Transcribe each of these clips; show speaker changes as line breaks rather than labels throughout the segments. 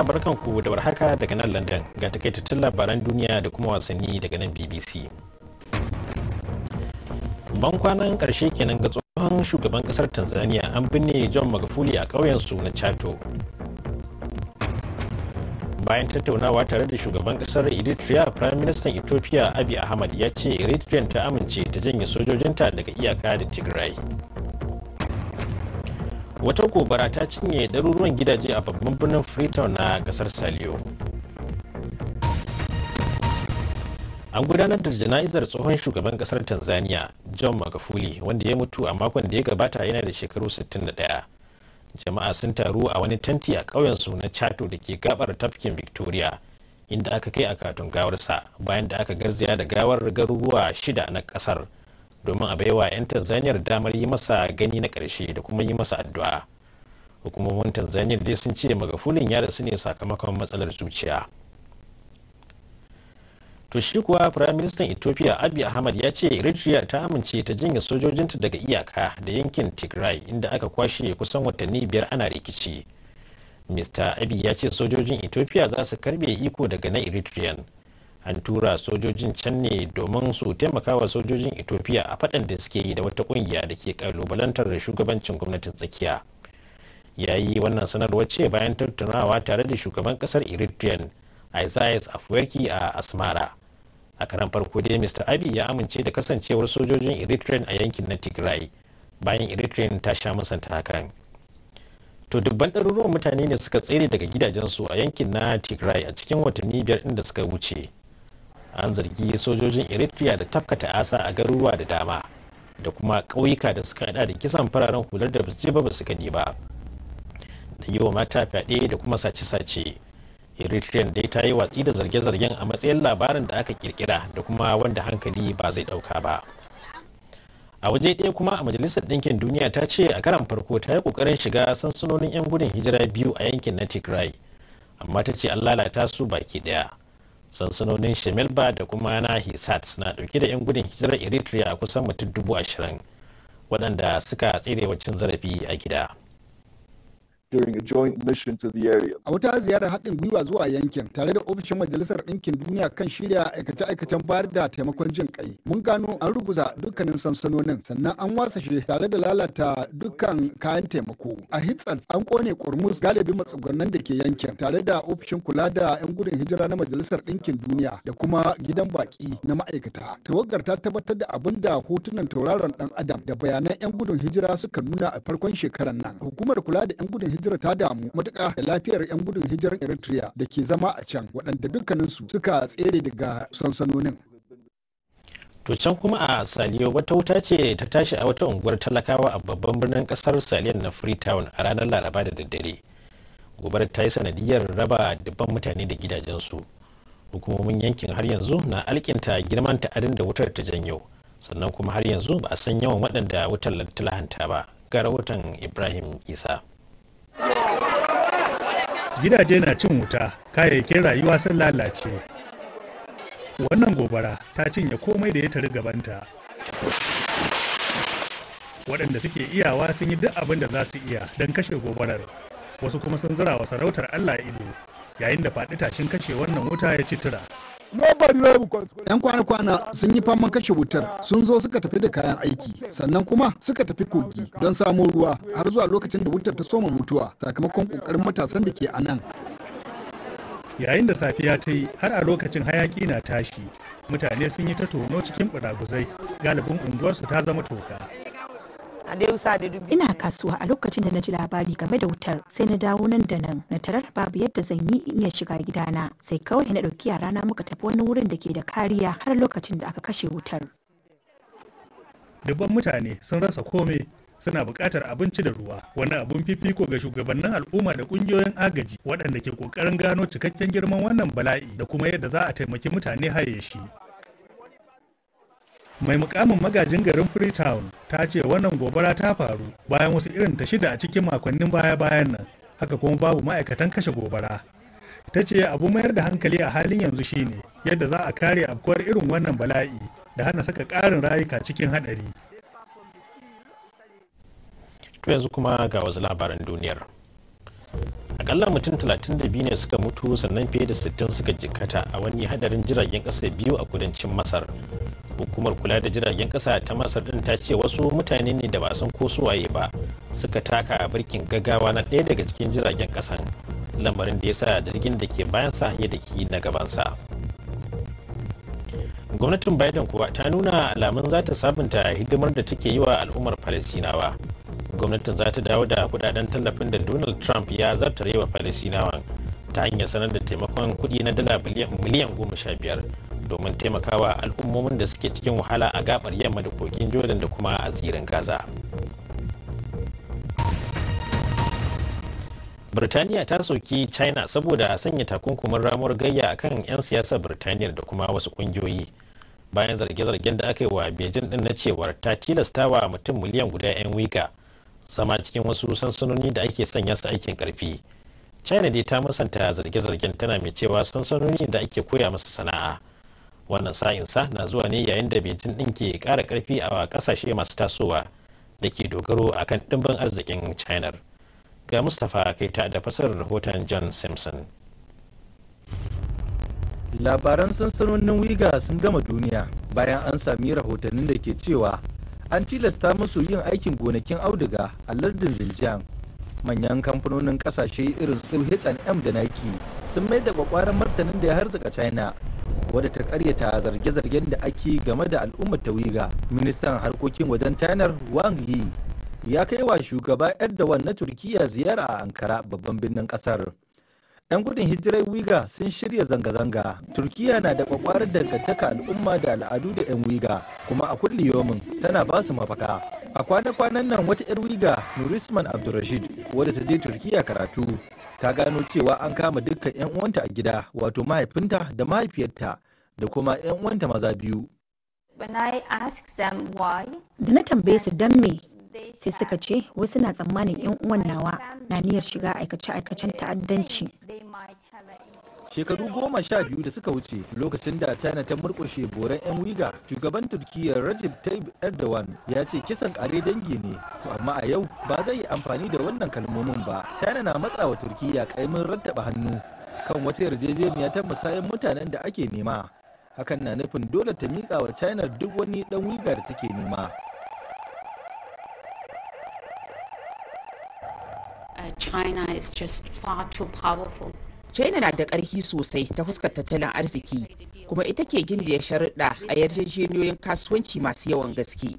jama'a barkanku da warhaka daga nan london ga takaitattun labaran duniya da kuma wasanni daga nan bbc ban kwanan karshe kenan ga tsohon shugaban kasar tanzania an binne john magufuli a ƙauyensu na chato bayan tattaunawa tare da shugaban kasar eritrea prime minister ethiopia abiy ahmad ya ce eritrea ta amince ta janye sojojinta daga iyaka da tigray wata gobara ta cinye daruruwan gidaje a babban birnin freetown na kasar salio. an gudanar da jana'izar tsohon shugaban kasar tanzania john magufuli wanda ya mutu a makon da ya gabata yana da shekaru 61 jama'a sun taru a wani tanti a su na chato da ke gabar tafkin victoria inda aka kai a akatun gawarsa bayan da aka garzaya da gawar garuruwa shida na kasar domin a baiwa 'yan tanzaniyar damar yi masa gani na ƙarshe da kuma yi masa addu'a hukumomin tanzania dai sun ce magafulin ya rasu ne sakamakon matsalar zuciya to shi kuwa prime minister ethiopia abiy ahmad ya ce eritrea ta amince ta jinya sojojinta daga iyaka da yankin tigray inda aka kwashe kusan watanni biyar ana rikici mr abiy ya ce sojojin ethiopia za su karbe iko daga na eritrean an tura sojojin can ne domin su taimaka wa sojojin ethiopia a faɗan da suke yi da wata ƙungiya da ke kalubalantar da shugabancin gwamnatin tsakiya ya yi wannan sanarwar ce bayan tattaunawa tare da shugaban ƙasar eritrean isaias afwerki a asmara a karan farko dai mr abi ya amince da kasancewar sojojin eritrean a yankin na tigray bayan eritrean ta sha musanta hakan to dubban ɗaruruwan mutane ne suka tsere daga gidajensu a yankin na tigray a cikin watanni biyar inda suka wuce an zargi sojojin eritrea da tafkata asa a garuruwa da dama da kuma ƙauyuka da suka hada da kisan fararen hular da basu ba basu gani ba da yi wa mata fyaɗe da kuma sace-sace eritrean dai ta yi watsi da zarge-zargen a matsayin labarin da aka kirkira da kuma wanda hankali ba zai ɗauka ba a waje ɗaya kuma a majalisar ɗinkin duniya ta ce a karan farko ta yi ƙoƙarin shiga sansanonin 'yan gudun hijira biyu a yankin na tigray amma ta ce an lalata su baki ɗaya sansanonin shemelba da kuma na hisat na dauke da 'yan gudun hijirar eritrea kusan mutum dubu ashirin waɗanda suka tsere cin zarafi a gida
during a joint mission to the area. A wata ziyarar haɗin gwiwa zuwa yankin tare da ofishin Majalisar Ɗinkin Duniya kan shirya aikace-aikacen bayar da taimakon jin ƙai. Mun gano an ruguza dukkanin sansanonin sannan an wasashe tare da lalata dukkan kayan taimako. A Hitsal an kone kurmus galibin matsugunan da ke yankin tare da ofishin kula da 'yan gudun hijira na Majalisar Ɗinkin Duniya da kuma gidan baƙi na ma'aikata. Tawagar ta tabbatar da abin da hotunan tauraron ɗan adam da bayanan 'yan gudun hijira suka nuna a farkon shekarar nan. Hukumar kula da 'yan gudun hijira hijira ta damu matuƙa da lafiyar 'yan gudun hijirar Eritrea da ke zama a can waɗanda dukkaninsu suka tsere daga sansanonin.
To can kuma a Saliyo wata wuta ce ta tashi a wata unguwar talakawa a babban birnin kasar Saliyan na Freetown a ranar Laraba da daddare. gobar ta yi sanadiyar raba dubban mutane da gidajensu. Hukumomin yankin har yanzu na alkinta girman ta'adin da wutar ta janyo. Sannan kuma har yanzu ba a san yawan waɗanda wutar ta lahanta ba. Ga rahoton Ibrahim Isa. gidaje na cin wuta kayayyakin rayuwa sun lalace
wannan gobara ta cinye komai da ya tari gabanta waɗanda suke iyawa sun yi duk abin da za su iya don kashe gobarar wasu kuma sun zira wa sarautar allah ido yayin da faɗi tashin kashe wannan wuta ya
ci tura 'Yan kwana-kwana sun yi faman kashe wutar sun zo suka tafi da kayan aiki sannan kuma suka tafi kogi don samo ruwa har zuwa lokacin da wutar ta soma mutuwa sakamakon ƙoƙarin matasan da ke a nan. Yayin da safiya ta yi
har a lokacin hayaki na tashi mutane sun yi ta tono cikin buraguzai galibin unguwarsu ta zama toka.
Ina kasuwa a lokacin da na ji labari game da wutar sai na dawo nan da nan na tarar babu yadda zan yi in ya shiga gidana sai kawai na ɗauki na muka tafi wani wurin da ke da kariya har lokacin da aka kashe wutar.
Dubban mutane sun rasa komai suna buƙatar abinci da ruwa wani abun fifiko ga shugabannin al'umma da ƙungiyoyin agaji waɗanda ke ƙoƙarin gano cikakken girman wannan bala'i da kuma yadda za a taimaki mutane haye shi mai mukamin magajin garin freetown ta ce wannan gobara ta faru bayan wasu irin ta shida a cikin makonnin baya-bayan nan haka kuma babu ma'aikatan kashe gobara ta ce abu mayar da hankali a halin yanzu shine yadda za a kare afkuwar irin wannan bala'i da hana saka ƙarin rayuka cikin
haɗari to yanzu kuma ga wasu labaran duniyar akalla mutum 32 ne suka mutu sannan fiye da 60 suka jikkata a wani hadarin jiragen kasa biyu a kudancin masar hukumar kula da jiragen kasa ta masar din ta ce wasu mutane ne da ba san ko waye ba suka taka a birkin gaggawa na ɗaya daga cikin jiragen kasan lamarin da ya sa jirgin da ke bayan sa ya daki na gabansa gwamnatin biden kuwa ta nuna alamun za ta sabunta hidimar da take yi wa al'ummar falasinawa gwamnatin za ta dawo da kudaden tallafin da donald trump ya zartare wa falasinawan ta hanyar sanar da taimakon kudi na dala miliyan goma sha biyar domin taimakawa al'ummomin da suke cikin wahala a gabar yamma da kogin jordan da kuma a tsirin gaza Birtaniya ta soki China saboda a sanya takunkumin ramuwar gayya a kan 'yan siyasar Birtaniya da kuma wasu kungiyoyi. Bayan zarge-zargen da aka yi wa Beijing din na cewar ta tilasta wa mutum miliyan guda 'yan wika sama cikin wasu sansanoni da ake sanya su aikin karfi. China dai ta musanta zarge-zargen tana mai cewa sansanoni da ake koya masa sana'a wannan sa'insa na zuwa ne yayin da beijing din ke ƙara ƙarfi a kasashe masu tasowa da ke dogaro a kan ɗimbin arzikin china ga mustapha kaita da fasar rahoton john simpson
labaran sansanonin wiga sun gama duniya bayan an sami rahotannin da ke cewa an tilasta musu yin aikin gonakin auduga a lardin ziljan manyan kamfanonin kasashe irin su h&m da nike sun mai da kwakwaran martanin da ya harzika china wadda ta karyata zarge-zargen da ake game da al'ummar tawiga ministan harkokin wajen tanar wang yi ya kai wa shugaba erdogan na Turkiyya ziyara a ankara babban birnin kasar 'yan gudun hijirar wiga sun shirya zanga-zanga Turkiyya na da kwakwarar dangantaka al'umma da al'adu da 'yan wiga kuma a kulli yomin tana ba su mafaka a kwana-kwanan nan wata 'yar wiga nurisman abdulrashid wadda ta je Turkiyya karatu ta gano cewa an kama dukkan 'yan uwanta a gida wato mahaifinta da mahaifiyarta da kuma 'yan uwanta maza biyu da na tambaye su dan me sai suka ce wasu na tsammanin 'yan uwan nawa na niyyar shiga aikace-aikacen ta'addanci shekaru goma sha biyu da suka wuce lokacin da china ta murkushe boran 'yan wiga shugaban turkiyya rajib tayyip erdogan ya ce kisan ƙare dangi ne to amma a yau ba zai yi amfani da wannan kalmomin ba china na matsawa turkiyya kaimin rattaba hannu kan wata yarjejeniya ta musayan mutanen da ake nema hakan na nufin dole ta miƙa wa china duk wani ɗan wiga da take nema uh, China is just far too powerful china na da ƙarfi sosai ta fuskar tattalin arziki kuma ita ke ya sharuɗa a yarjejeniyoyin kasuwanci masu yawan gaske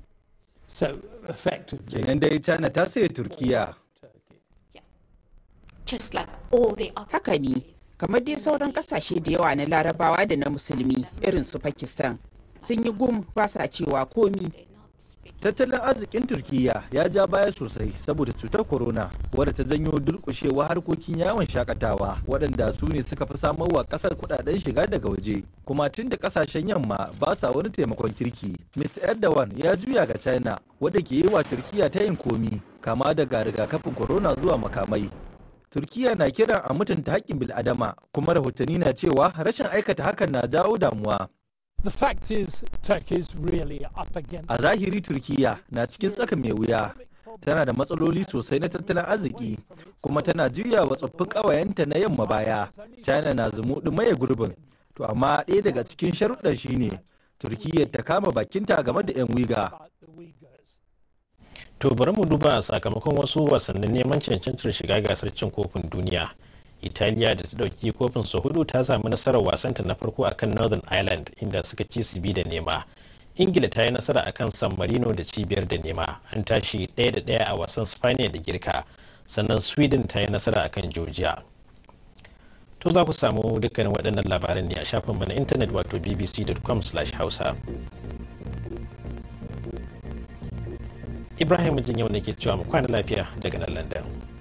kenan dai china ta saye turkiya haka ne kamar dai sauran ƙasashe da yawa na larabawa da na musulmi irin su pakistan sun yi gum ba sa cewa komi tattalin arzikin turkiya ya ja baya sosai saboda cutar corona wadda ta janyo durkushewa harkokin yawon shakatawa waɗanda su ne suka fi samar wa ƙasar kuɗaɗen shiga daga waje kuma tun da ƙasashen yamma ba sa wani taimakon kirki mr erdogan ya juya ga china wadda ke yi wa turkiya ta yin komi kama daga rigakafin corona zuwa makamai turkiya na kiran a mutunta haƙƙin bil'adama kuma rahotanni na cewa rashin aikata hakan na jawo damuwa
The fact is, is really A
zahiri Turkiyya na cikin tsaka mai wuya. Tana da matsaloli sosai na tattalin arziki, kuma tana juya wa tsoffin ƙawayenta na yamma baya. China na zumuɗi maye gurbin. To amma ɗaya daga cikin sharuɗan shine Turkiyya ta kama bakinta game da 'yan wiga.
To bari mu duba sakamakon wasu wasannin neman cancantar shiga gasar cin kofin duniya. italiya da ta dauki kofin su hudu ta sami nasarar wasanta na farko akan northern ireland inda suka ci su da nema ingila ta yi nasara akan san marino da cibiyar da nema an tashi ɗaya da ɗaya a wasan spaniya da girka sannan sweden ta yi nasara akan georgia to za ku samu dukkanin waɗannan labaran ne a shafinmu na intanet wato bbc.com hausa ibrahim jin yau ne ke cewa mu kwana lafiya daga nan london